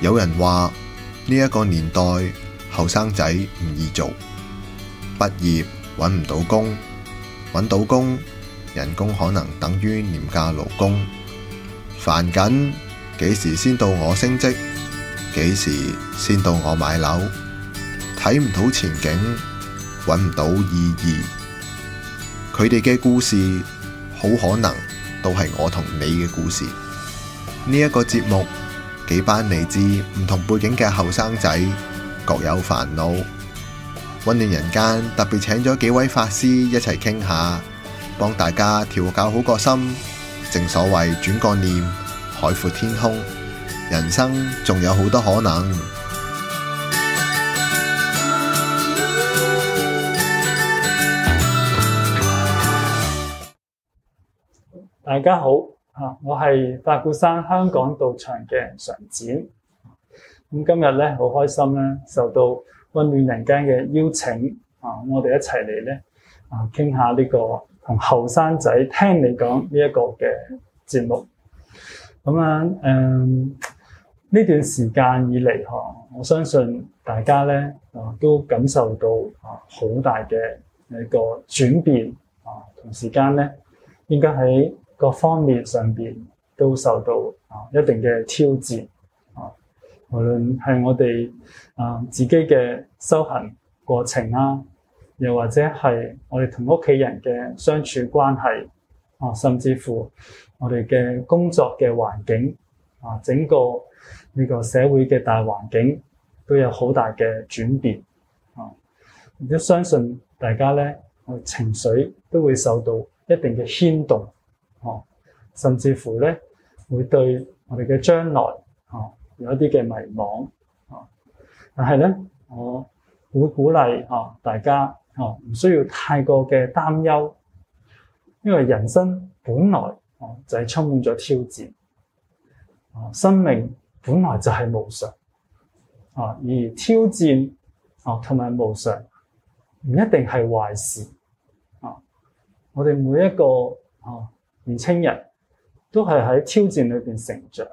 有人話呢一個年代後生仔唔易做，畢業揾唔到工，揾到工人工可能等於廉價勞工，煩緊幾時先到我升職，幾時先到我買樓，睇唔到前景，揾唔到意義。佢哋嘅故事好可能都係我同你嘅故事。呢一個節目，幾班嚟自唔同背景嘅後生仔各有煩惱，溫暖人間特別請咗幾位法師一齊傾下，幫大家調教好個心。正所謂轉個念，海闊天空，人生仲有好多可能。大家好。啊！我係法鼓山香港道場嘅常展，咁今日咧好開心咧，受到溫暖人間嘅邀請啊！我哋一齊嚟咧啊，傾下呢個同後生仔聽你講呢一個嘅節目。咁、嗯、啊，誒呢段時間以嚟呵，我相信大家咧啊都感受到啊好大嘅一個轉變啊，同時間咧應該喺各方面上邊都受到啊一定嘅挑戰，啊，無論係我哋啊自己嘅修行過程啦，又或者係我哋同屋企人嘅相處關係，啊，甚至乎我哋嘅工作嘅環境啊，整個呢個社會嘅大環境都有好大嘅轉變。啊，都相信大家咧情緒都會受到一定嘅牽動。哦，甚至乎咧，會對我哋嘅將來哦有一啲嘅迷惘。哦。但係咧，我會鼓勵哦，大家哦唔需要太過嘅擔憂，因為人生本來哦就係充滿咗挑戰哦，生命本來就係無常哦，而挑戰哦同埋無常唔一定係壞事哦。我哋每一個哦。年青人都係喺挑戰裏邊成長，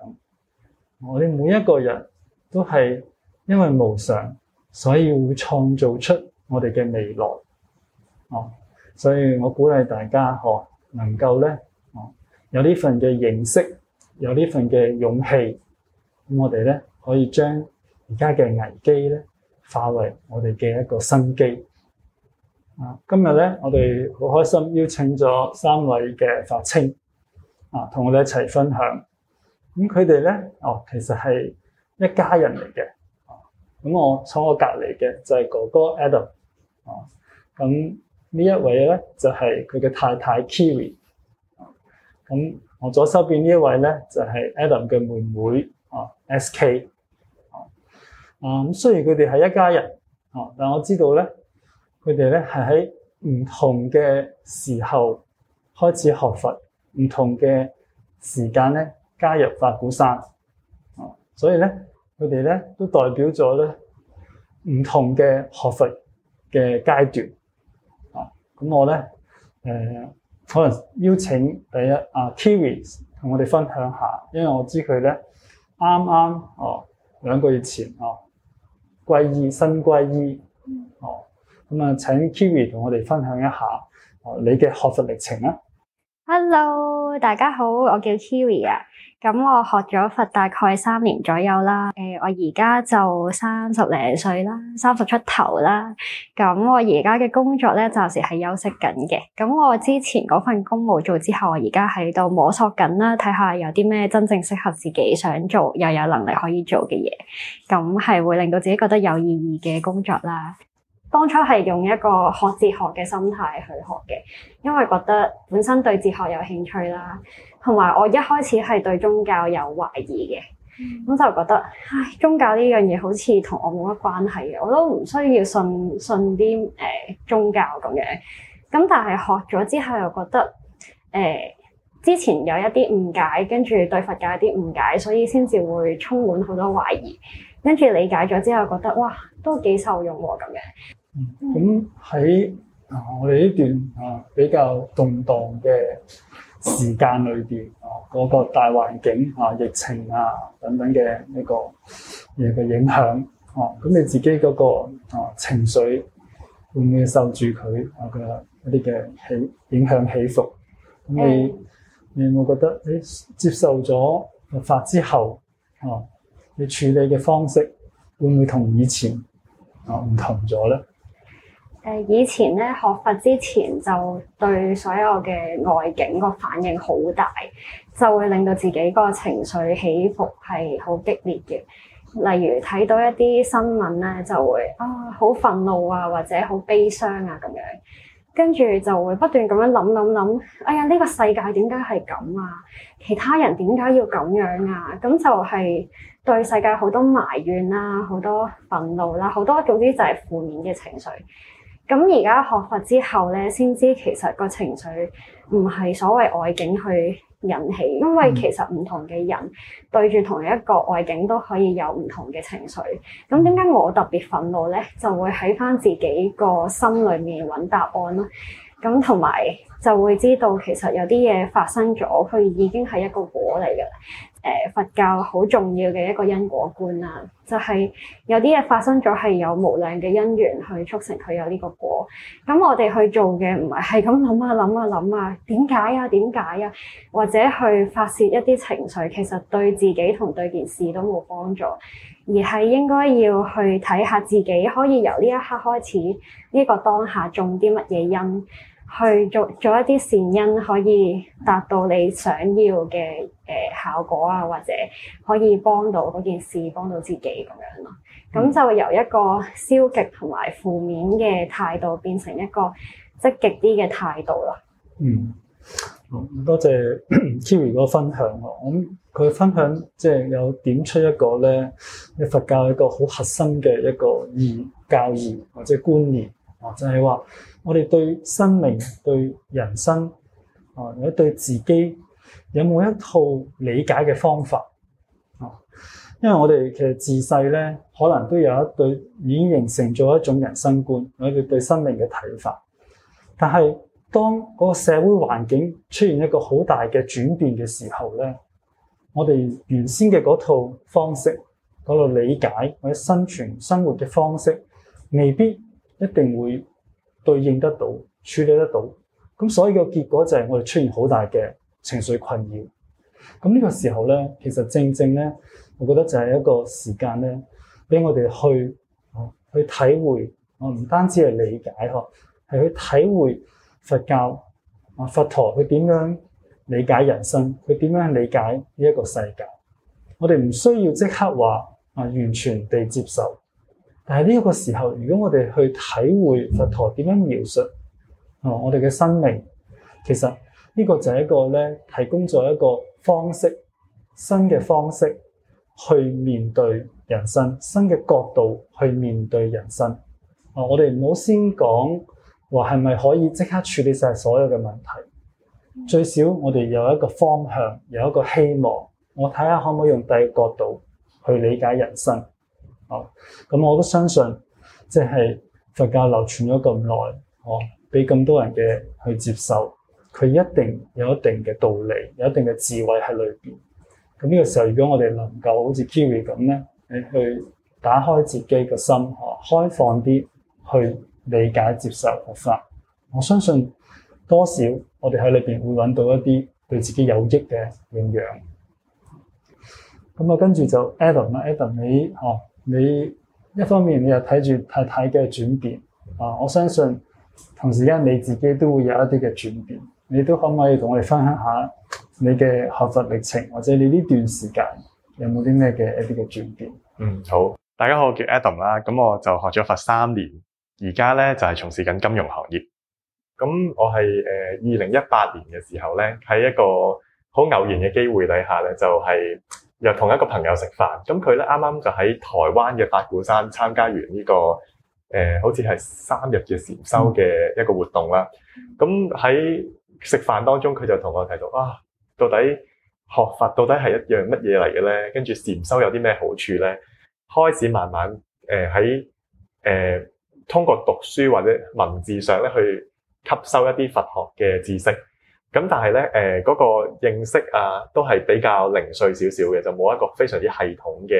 我哋每一個人都係因為無常，所以會創造出我哋嘅未來。哦，所以我鼓勵大家，嗬，能夠咧，哦，有呢份嘅認識，有呢份嘅勇氣，咁我哋咧可以將而家嘅危機咧化為我哋嘅一個新機。啊，今日咧，我哋好開心邀請咗三位嘅發青啊，同我哋一齊分享。咁佢哋咧，哦，其實係一家人嚟嘅。咁、嗯、我坐我隔離嘅就係哥哥 Adam。哦、嗯，咁呢一位咧就係佢嘅太太 k i r i 咁我左手邊呢一位咧就係、是、Adam 嘅妹妹啊、嗯、，S.K。哦、嗯，啊，咁雖然佢哋係一家人，哦、嗯，但我知道咧。佢哋咧係喺唔同嘅時候開始學佛，唔同嘅時間咧加入法鼓山，啊、哦，所以咧佢哋咧都代表咗咧唔同嘅學佛嘅階段，啊、哦，咁我咧誒、呃、可能邀請第一啊 Terry 同我哋分享下，因為我知佢咧啱啱哦兩個月前哦皈依新皈依。咁啊，請 Kiri 同我哋分享一下哦，你嘅學佛歷程啦。Hello，大家好，我叫 Kiri 啊。咁、嗯、我學咗佛大概三年左右啦、啊。誒、嗯，我而家就三十零歲啦，三十出頭啦、啊。咁、嗯、我而家嘅工作咧暫時係休息緊嘅。咁、嗯、我之前嗰份工冇做之後，我而家喺度摸索緊啦，睇下有啲咩真正適合自己想做又有能力可以做嘅嘢。咁、嗯、係、嗯嗯、會令到自己覺得有意義嘅工作啦、啊。當初係用一個學哲學嘅心態去學嘅，因為覺得本身對哲學有興趣啦，同埋我一開始係對宗教有懷疑嘅，咁、嗯、就覺得唉，宗教呢樣嘢好似同我冇乜關係嘅，我都唔需要信信啲誒、呃、宗教咁樣。咁但係學咗之後又覺得誒、呃，之前有一啲誤解，跟住對佛教有啲誤解，所以先至會充滿好多懷疑。跟住理解咗之後，覺得哇，都幾受用喎咁樣。咁喺、嗯啊、我哋呢段啊比較動盪嘅時間裏邊，啊嗰、那個大環境啊疫情啊等等嘅呢個嘢嘅影響，哦、啊、咁你自己嗰、那個啊情緒會唔會受住佢啊嘅一啲嘅起影響起伏？咁你你有冇覺得誒、欸、接受咗法之後，哦、啊、你處理嘅方式會唔會同以前啊唔同咗咧？誒以前咧學佛之前就對所有嘅外境個反應好大，就會令到自己個情緒起伏係好激烈嘅。例如睇到一啲新聞咧，就會啊好憤怒啊，或者好悲傷啊咁樣，跟住就會不斷咁樣諗諗諗，哎呀呢個世界點解係咁啊？其他人點解要咁樣啊？咁就係對世界好多埋怨啦，好多憤怒啦，好多總之就係負面嘅情緒。咁而家學佛之後咧，先知其實個情緒唔係所謂外境去引起，因為其實唔同嘅人對住同一個外境都可以有唔同嘅情緒。咁點解我特別憤怒咧？就會喺翻自己個心裏面揾答案咯。咁同埋就會知道其實有啲嘢發生咗，佢已經係一個果嚟嘅。呃、佛教好重要嘅一個因果觀啊，就係、是、有啲嘢發生咗係有無量嘅因緣去促成佢有呢個果。咁我哋去做嘅唔係係咁諗啊諗啊諗啊，點解啊點解啊，或者去發泄一啲情緒，其實對自己同對件事都冇幫助，而係應該要去睇下自己可以由呢一刻開始呢、呢個當下種啲乜嘢因。去做做一啲善因，可以達到你想要嘅誒、呃、效果啊，或者可以幫到嗰件事，幫到自己咁樣咯。咁就由一個消極同埋負面嘅態度，變成一個積極啲嘅態度咯。嗯，多謝 Kiri 個分享喎。咁佢分享即係有點出一個咧，佛教一個好核心嘅一個義教義或者觀念。就係話，我哋對生命、對人生，啊，或者對自己，有冇一套理解嘅方法？啊，因為我哋其實自細咧，可能都有一對已經形成咗一種人生觀，或者對生命嘅睇法。但係當嗰個社會環境出現一個好大嘅轉變嘅時候咧，我哋原先嘅嗰套方式、嗰個理解或者生存生活嘅方式，未必，一定會對應得到、處理得到，咁所以個結果就係我哋出現好大嘅情緒困擾。咁呢個時候咧，其實正正咧，我覺得就係一個時間咧，俾我哋去、啊、去體會，我唔單止係理解，嗬，係去體會佛教，啊、佛陀佢點樣理解人生，佢點樣理解呢一個世界。我哋唔需要即刻話、啊、完全地接受。但係呢個時候，如果我哋去體會佛陀點樣描述，哦、啊，我哋嘅生命，其實呢個就係一個咧，提供咗一個方式，新嘅方式去面對人生，新嘅角度去面對人生。哦、啊，我哋唔好先講話係咪可以即刻處理晒所有嘅問題，最少我哋有一個方向，有一個希望。我睇下可唔可以用第二個角度去理解人生。哦，咁我都相信，即係佛教流傳咗咁耐，哦，俾咁多人嘅去接受，佢一定有一定嘅道理，有一定嘅智慧喺裏邊。咁呢個時候，如果我哋能夠好似 Kiri 咁咧，你去打開自己嘅心，哦，開放啲去理解接受佛法，我相信多少我哋喺裏邊會揾到一啲對自己有益嘅營養。咁、嗯、啊，跟住就 Adam 啦，Adam 你哦。你一方面你又睇住太太嘅轉變啊！我相信同時間你自己都會有一啲嘅轉變，你都可唔可以同我哋分享下你嘅學佛歷程，或者你呢段時間有冇啲咩嘅一啲嘅轉變？嗯，好，大家好，我叫 Adam 啦，咁我就學咗佛三年，而家咧就係從事緊金融行業。咁我係誒二零一八年嘅時候咧，喺一個好偶然嘅機會底下咧，就係。又同一個朋友食飯，咁佢咧啱啱就喺台灣嘅法鼓山參加完呢、這個誒、呃，好似係三日嘅禪修嘅一個活動啦。咁喺食飯當中，佢就同我提到啊，到底學佛到底係一樣乜嘢嚟嘅咧？跟住禪修有啲咩好處咧？開始慢慢誒喺誒通過讀書或者文字上咧去吸收一啲佛學嘅知識。咁但係咧，誒、呃、嗰、那個認識啊，都係比較零碎少少嘅，就冇一個非常之系統嘅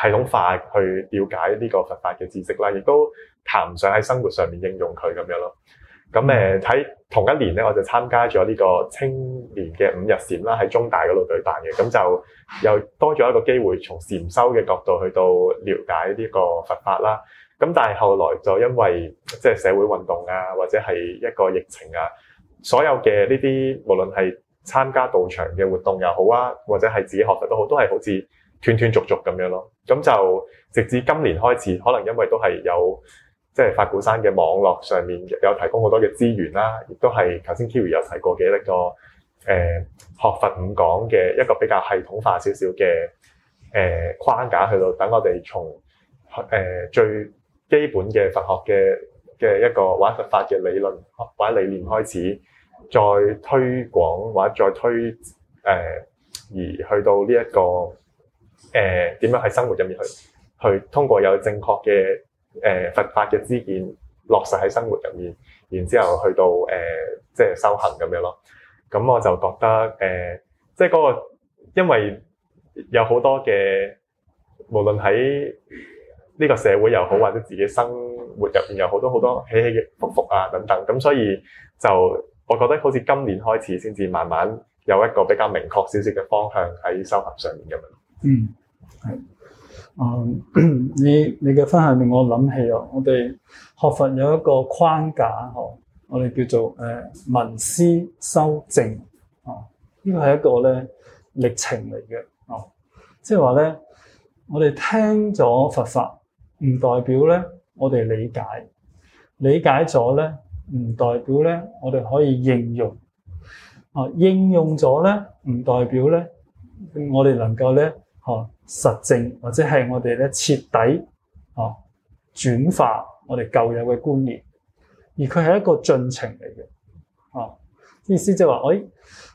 系統化去了解呢個佛法嘅知識啦。亦都談唔上喺生活上面應用佢咁樣咯。咁誒喺同一年咧，我就參加咗呢個青年嘅五日禪啦，喺中大嗰度舉辦嘅，咁就又多咗一個機會，從禪修嘅角度去到了解呢個佛法啦。咁但係後來就因為即係社會運動啊，或者係一個疫情啊。所有嘅呢啲，無論係參加道場嘅活動又好啊，或者係自己學佛都好，都係好似斷斷續續咁樣咯。咁就直至今年開始，可能因為都係有即係、就是、法鼓山嘅網絡上面有提供好多嘅資源啦，亦都係頭先 Kiri 有提過嘅一個誒、呃、學佛五講嘅一個比較系統化少少嘅誒框架，去到等我哋從誒、呃、最基本嘅佛學嘅。嘅一個玩佛法嘅理論，或者理念開始，再推廣或者再推誒、呃、而去到呢、這、一個誒點、呃、樣喺生活入面去去通過有正確嘅誒佛法嘅知見落實喺生活入面，然之後去到誒、呃、即係修行咁樣咯。咁、嗯、我就覺得誒、呃、即係、嗰個因為有好多嘅無論，喺呢個社會又好，或者自己生活入面有好多好多起起伏伏啊等等，咁所以就我覺得好似今年開始先至慢慢有一個比較明確少少嘅方向喺修行上面咁樣。嗯，係。嗯，你你嘅分享令我諗起啊，我哋學佛有一個框架嗬，我哋叫做誒聞、呃、思修證，哦，呢個係一個咧歷程嚟嘅哦，即係話咧，我哋聽咗佛法唔代表咧。我哋理解，理解咗咧，唔代表咧，我哋可以應用。哦、啊，應用咗咧，唔代表咧，我哋能夠咧，哦、啊，實證或者係我哋咧徹底哦轉、啊、化我哋舊有嘅觀念。而佢係一個進程嚟嘅。哦、啊，意思即係話，誒、哎，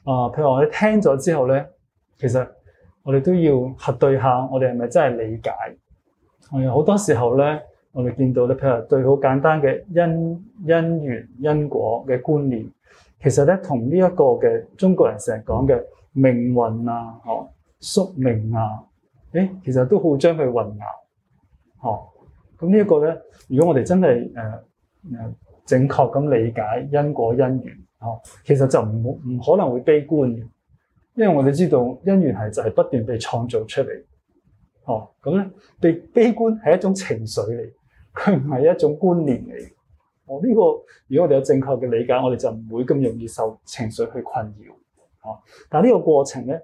啊，譬如話我哋聽咗之後咧，其實我哋都要核對下，我哋係咪真係理解？係啊，好多時候咧。我哋見到咧，譬如對好簡單嘅因因緣因果嘅觀念，其實咧同呢一個嘅中國人成日講嘅命運啊、嗬宿命啊，誒其實都好將佢混淆，嗬、哦。咁呢一個咧，如果我哋真係誒誒正確咁理解因果因緣，嗬、哦，其實就唔唔可能會悲觀嘅，因為我哋知道因緣係就係、是、不斷被創造出嚟，哦咁咧，對悲觀係一種情緒嚟。佢唔係一種觀念嚟嘅，呢、哦呢個如果我哋有正確嘅理解，我哋就唔會咁容易受情緒去困擾。哦，但係呢個過程咧，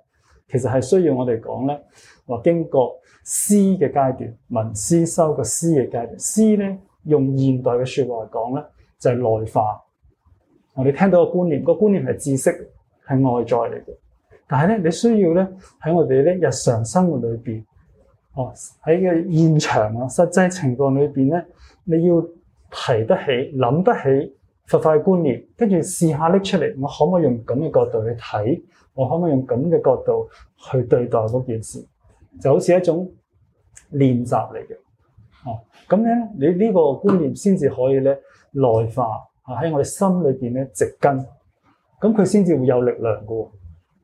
其實係需要我哋講咧話經過思嘅階段，聞思修嘅思嘅階段，思咧用現代嘅説話嚟講咧，就係、是、內化。我、哦、哋聽到個觀念，呢個觀念係知識，係外在嚟嘅，但係咧你需要咧喺我哋咧日常生活裏邊。哦，喺個現場啊，實際情況裏邊咧，你要提得起、諗得起佛法嘅觀念，跟住試下拎出嚟，我可唔可以用咁嘅角度去睇？我可唔可以用咁嘅角度去對待嗰件事？就好似一種練習嚟嘅，哦，咁咧，你呢個觀念先至可以咧內化啊喺我哋心裏邊咧植根，咁佢先至會有力量嘅喎、哦。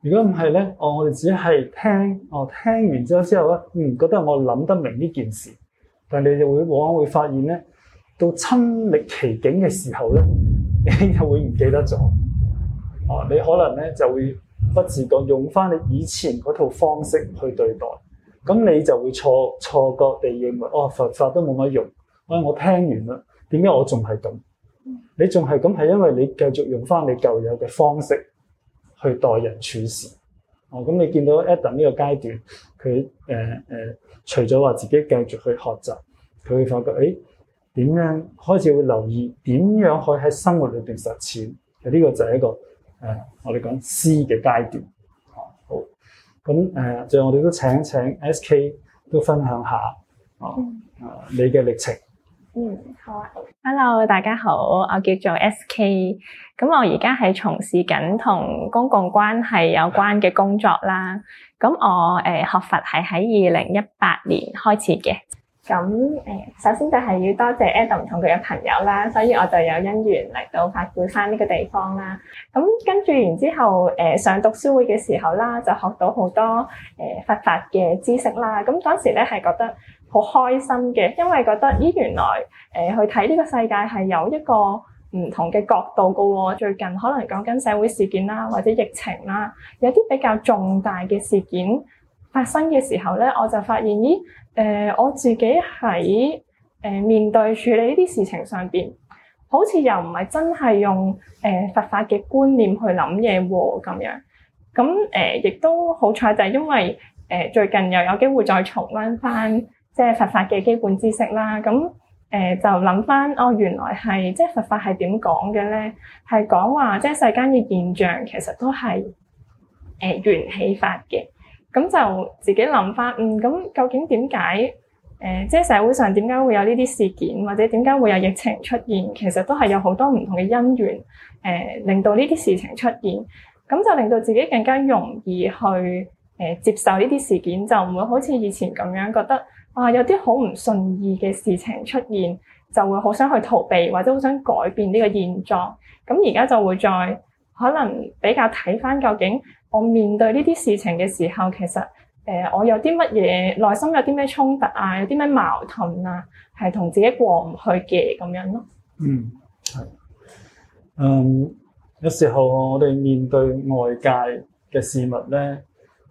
如果唔係咧，哦，我哋只係聽，哦，聽完之後咧，嗯，覺得我諗得明呢件事，但係你就會往往會發現咧，到親歷其境嘅時候咧，你又會唔記得咗，哦，你可能咧就會不自覺用翻你以前嗰套方式去對待，咁你就會錯錯覺地認為，哦，佛法，法都冇乜用，哎，我聽完啦，點解我仲係咁？你仲係咁係因為你繼續用翻你舊有嘅方式。去待人處事，哦，咁你見到 Adam 呢個階段，佢誒誒，除咗話自己繼續去學習，佢會發覺，誒、哎、點樣開始會留意點樣可以喺生活裏邊實踐，就、這、呢個就係一個誒、呃，我哋講思嘅階段。哦，好，咁、嗯、誒、呃，最後我哋都請一請 SK 都分享下，哦，誒，你嘅歷程。嗯，好啊。Hello，大家好，我叫做 SK。咁我而家係從事緊同公共關係有關嘅工作啦。咁我誒、呃、學佛係喺二零一八年開始嘅。咁誒、呃，首先就係要多謝 Adam 同佢嘅朋友啦，所以我就有姻緣嚟到法鼓山呢個地方啦。咁跟住然之後，誒、呃、上讀書會嘅時候啦，就學到好多誒、呃、佛法嘅知識啦。咁當時咧係覺得。好開心嘅，因為覺得咦，原來誒、呃、去睇呢個世界係有一個唔同嘅角度嘅喎、哦。最近可能講緊社會事件啦，或者疫情啦，有啲比較重大嘅事件發生嘅時候咧，我就發現咦，誒、呃、我自己喺誒、呃、面對處理呢啲事情上邊，好似又唔係真係用誒、呃、佛法嘅觀念去諗嘢喎咁樣。咁誒亦都好彩，就係因為誒、呃、最近又有機會再重温翻。即係佛法嘅基本知識啦，咁誒就諗返，哦，原來係即係佛法係點講嘅咧？係講話即係世間嘅現象其實都係誒緣起法嘅，咁就自己諗返，嗯，咁究竟點解誒即係社會上點解會有呢啲事件，或者點解會有疫情出現？其實都係有好多唔同嘅因緣誒、呃，令到呢啲事情出現，咁就令到自己更加容易去誒、呃、接受呢啲事件，就唔會好似以前咁樣覺得。啊！有啲好唔順意嘅事情出現，就會好想去逃避，或者好想改變呢個現狀。咁而家就會再可能比較睇返，究竟我面對呢啲事情嘅時候，其實誒、呃、我有啲乜嘢內心有啲咩衝突啊，有啲咩矛盾啊，係同自己過唔去嘅咁樣咯。嗯，係。嗯，有時候我哋面對外界嘅事物咧，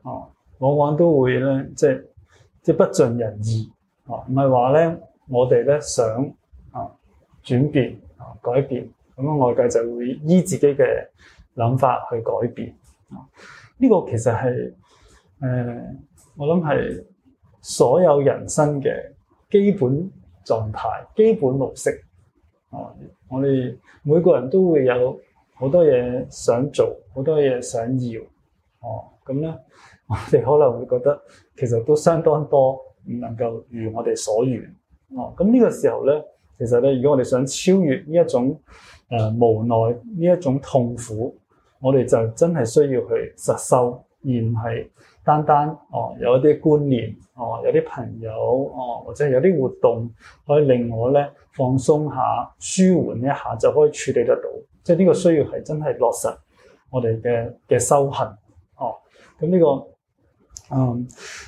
啊，往往都會咧即係。即係不盡人意，哦、啊，唔係話咧，我哋咧想啊轉變啊改變，咁啊外界就會依自己嘅諗法去改變，呢、啊這個其實係誒、呃、我諗係所有人生嘅基本狀態、基本模式，哦、啊，我哋每個人都會有好多嘢想做，好多嘢想要，哦、啊，咁咧我哋可能會覺得。其實都相當多，唔能夠如我哋所願。哦，咁呢個時候咧，其實咧，如果我哋想超越呢一種誒、呃、無奈，呢一種痛苦，我哋就真係需要去實修，而唔係單單哦有一啲觀念，哦有啲朋友，哦或者有啲活動可以令我咧放鬆下、舒緩一下就可以處理得到。即係呢個需要係真係落實我哋嘅嘅修行。哦，咁呢、呢個。嗯、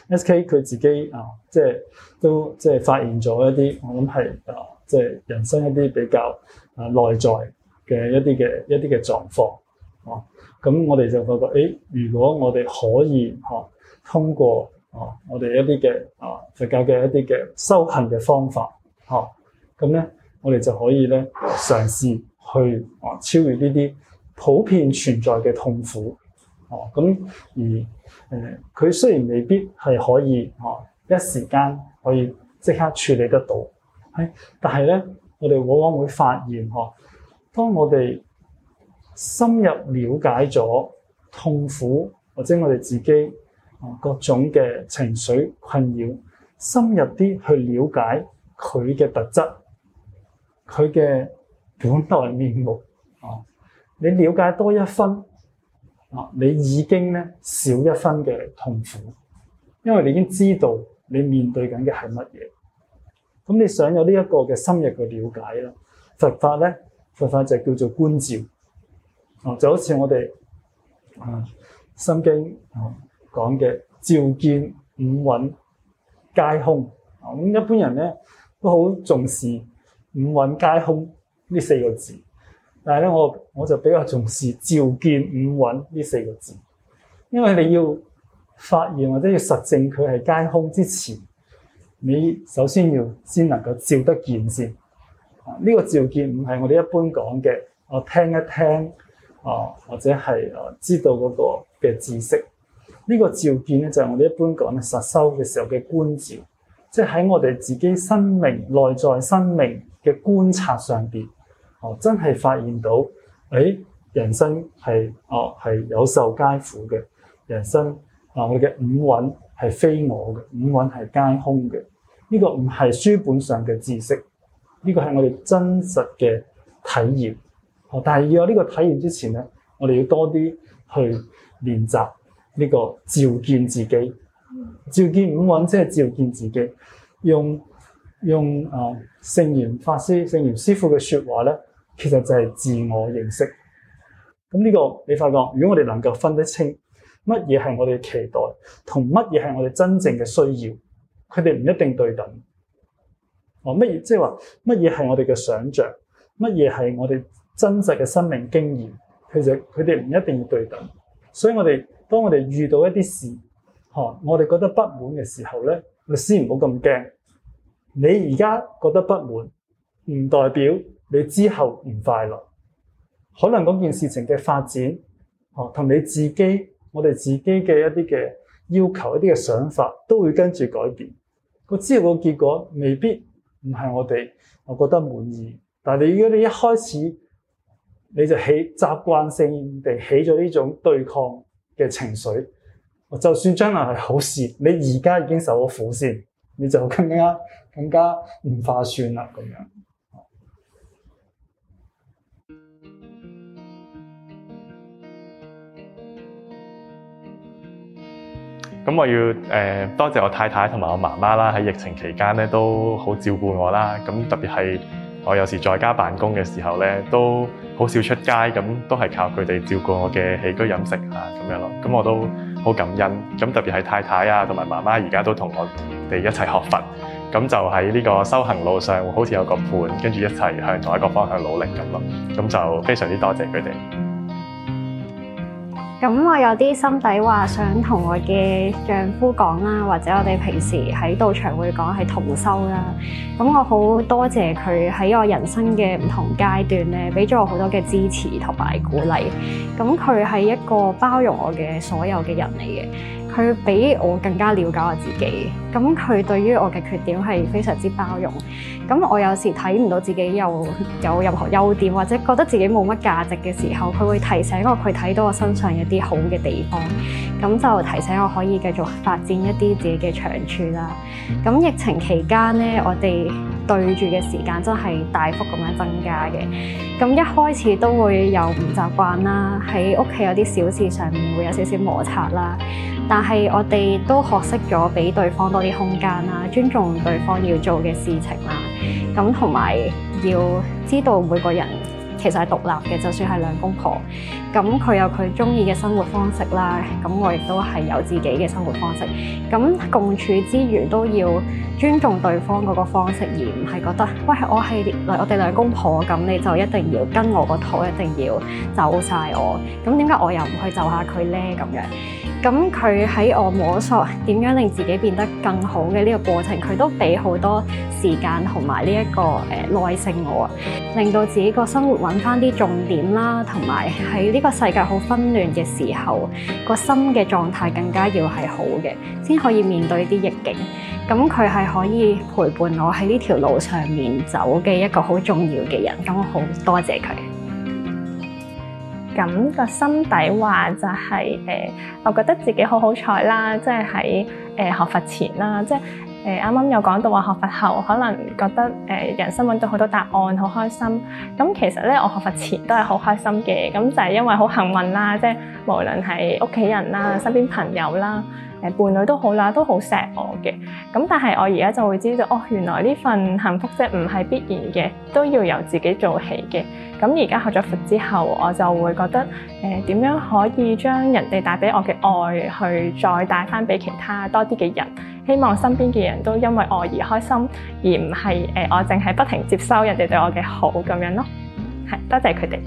um,，SK 佢自己啊，即、uh, 係、就是、都即係、就是、發現咗一啲，我諗係啊，即、uh, 係人生一啲比較啊內、uh, 在嘅一啲嘅、uh, 一啲嘅狀況，哦，咁我哋就發覺，誒、uh,，如果我哋可以，哦、uh,，通過哦，uh, 我哋一啲嘅啊佛教嘅一啲嘅修行嘅方法，哦，咁咧，我哋就可以咧、uh, 嘗試去啊、uh, 超越呢啲普遍存在嘅痛苦。Uh, 哦，咁而誒，佢、呃、雖然未必係可以哦，一時間可以即刻處理得到，係，但係咧，我哋往往會發現，嗬、哦，當我哋深入了解咗痛苦或者我哋自己、哦、各種嘅情緒困擾，深入啲去了解佢嘅特質，佢嘅本來面目，哦，你了解多一分。啊！你已經咧少一分嘅痛苦，因為你已經知道你面對緊嘅係乜嘢。咁你想有呢一個嘅深入嘅了解啦，佛法咧，佛法就叫做觀照。啊、嗯，就好似我哋、嗯《心經》講嘅照見五蘊皆空。咁、嗯、一般人咧都好重視五蘊皆空呢四個字。但係咧，我我就比較重視照見五蘊呢四個字，因為你要發現或者要實證佢係皆空之前，你首先要先能夠照得見先。呢、啊，這個照見唔係我哋一般講嘅，我、啊、聽一聽啊，或者係啊知道嗰個嘅知識。這個、召呢個照見咧，就係、是、我哋一般講實修嘅時候嘅觀照，即係喺我哋自己生命內在生命嘅觀察上邊。哦，真係發現到，誒、哎，人生係哦係有受皆苦嘅，人生啊、呃，我嘅五蘊係非我嘅，五蘊係皆空嘅，呢、這個唔係書本上嘅知識，呢、這個係我哋真實嘅體驗。哦、呃，但係要有呢個體驗之前咧，我哋要多啲去練習呢個照見自己，照見五蘊即係照見自己，用用啊聖嚴法師、聖嚴師傅嘅説話咧。其實就係自我認識。咁呢個你發覺，如果我哋能夠分得清乜嘢係我哋嘅期待，同乜嘢係我哋真正嘅需要，佢哋唔一定對等。哦，乜嘢即係話乜嘢係我哋嘅想像，乜嘢係我哋真實嘅生命經驗，其實佢哋唔一定要對等。所以我哋當我哋遇到一啲事，嚇、哦、我哋覺得不滿嘅時候咧，你先唔好咁驚。你而家覺得不滿，唔代表，你之後唔快樂，可能嗰件事情嘅發展，哦、啊，同你自己，我哋自己嘅一啲嘅要求、一啲嘅想法，都會跟住改變。個之後個結果未必唔係我哋，我覺得滿意。但係你如果你一開始你就起習慣性地起咗呢種對抗嘅情緒，就算將來係好事，你而家已經受咗苦先，你就更加更加唔化算啦，咁樣。咁我要誒、呃、多謝我太太同埋我媽媽啦，喺疫情期間咧都好照顧我啦。咁特別係我有時在家辦公嘅時候咧，都好少出街，咁都係靠佢哋照顧我嘅起居飲食啊。咁樣咯。咁我都好感恩。咁特別係太太啊同埋媽媽而家都同我哋一齊學佛，咁就喺呢個修行路上好似有個伴，跟住一齊向同一個方向努力咁咯。咁就非常之多謝佢哋。咁我有啲心底話想同我嘅丈夫講啦，或者我哋平時喺道場會講係同修啦。咁我好多謝佢喺我人生嘅唔同階段咧，俾咗我好多嘅支持同埋鼓勵。咁佢係一個包容我嘅所有嘅人嚟嘅。佢比我更加了解我自己，咁佢對於我嘅缺點係非常之包容。咁我有時睇唔到自己有有任何優點，或者覺得自己冇乜價值嘅時候，佢會提醒我佢睇到我身上有啲好嘅地方，咁就提醒我可以繼續發展一啲自己嘅長處啦。咁疫情期間呢，我哋對住嘅時間真係大幅咁樣增加嘅。咁一開始都會有唔習慣啦，喺屋企有啲小事上面會有少少摩擦啦。但係我哋都學識咗俾對方多啲空間啦，尊重對方要做嘅事情啦，咁同埋要知道每個人，其實係獨立嘅，就算係兩公婆，咁佢有佢中意嘅生活方式啦。咁我亦都係有自己嘅生活方式。咁共處之餘都要尊重對方嗰個方式，而唔係覺得喂，我係我哋兩公婆，咁你就一定要跟我個肚，一定要就晒我。咁點解我又唔去就下佢呢？咁樣咁佢喺我摸索點樣令自己變得更好嘅呢個過程，佢都俾好多時間同埋呢一個誒耐性我，令到自己個生活。搵返啲重點啦，同埋喺呢個世界好紛亂嘅時候，個心嘅狀態更加要係好嘅，先可以面對啲逆境。咁佢係可以陪伴我喺呢條路上面走嘅一個好重要嘅人。咁我好多謝佢。咁個心底話就係、是、誒、呃，我覺得自己好好彩啦，即係喺誒學佛前啦，即係。誒，啱啱有講到話學佛後，可能覺得誒人生揾到好多答案，好開心。咁其實咧，我學佛前都係好開心嘅，咁就係因為好幸運啦，即係無論係屋企人啦、身邊朋友啦。誒伴侶都好啦，都好錫我嘅，咁但係我而家就會知道哦，原來呢份幸福即係唔係必然嘅，都要由自己做起嘅。咁而家學咗佛之後，我就會覺得誒、呃、點樣可以將人哋帶俾我嘅愛去再帶翻俾其他多啲嘅人，希望身邊嘅人都因為愛而開心，而唔係誒我淨係不停接收人哋對我嘅好咁樣咯。係，多謝佢哋。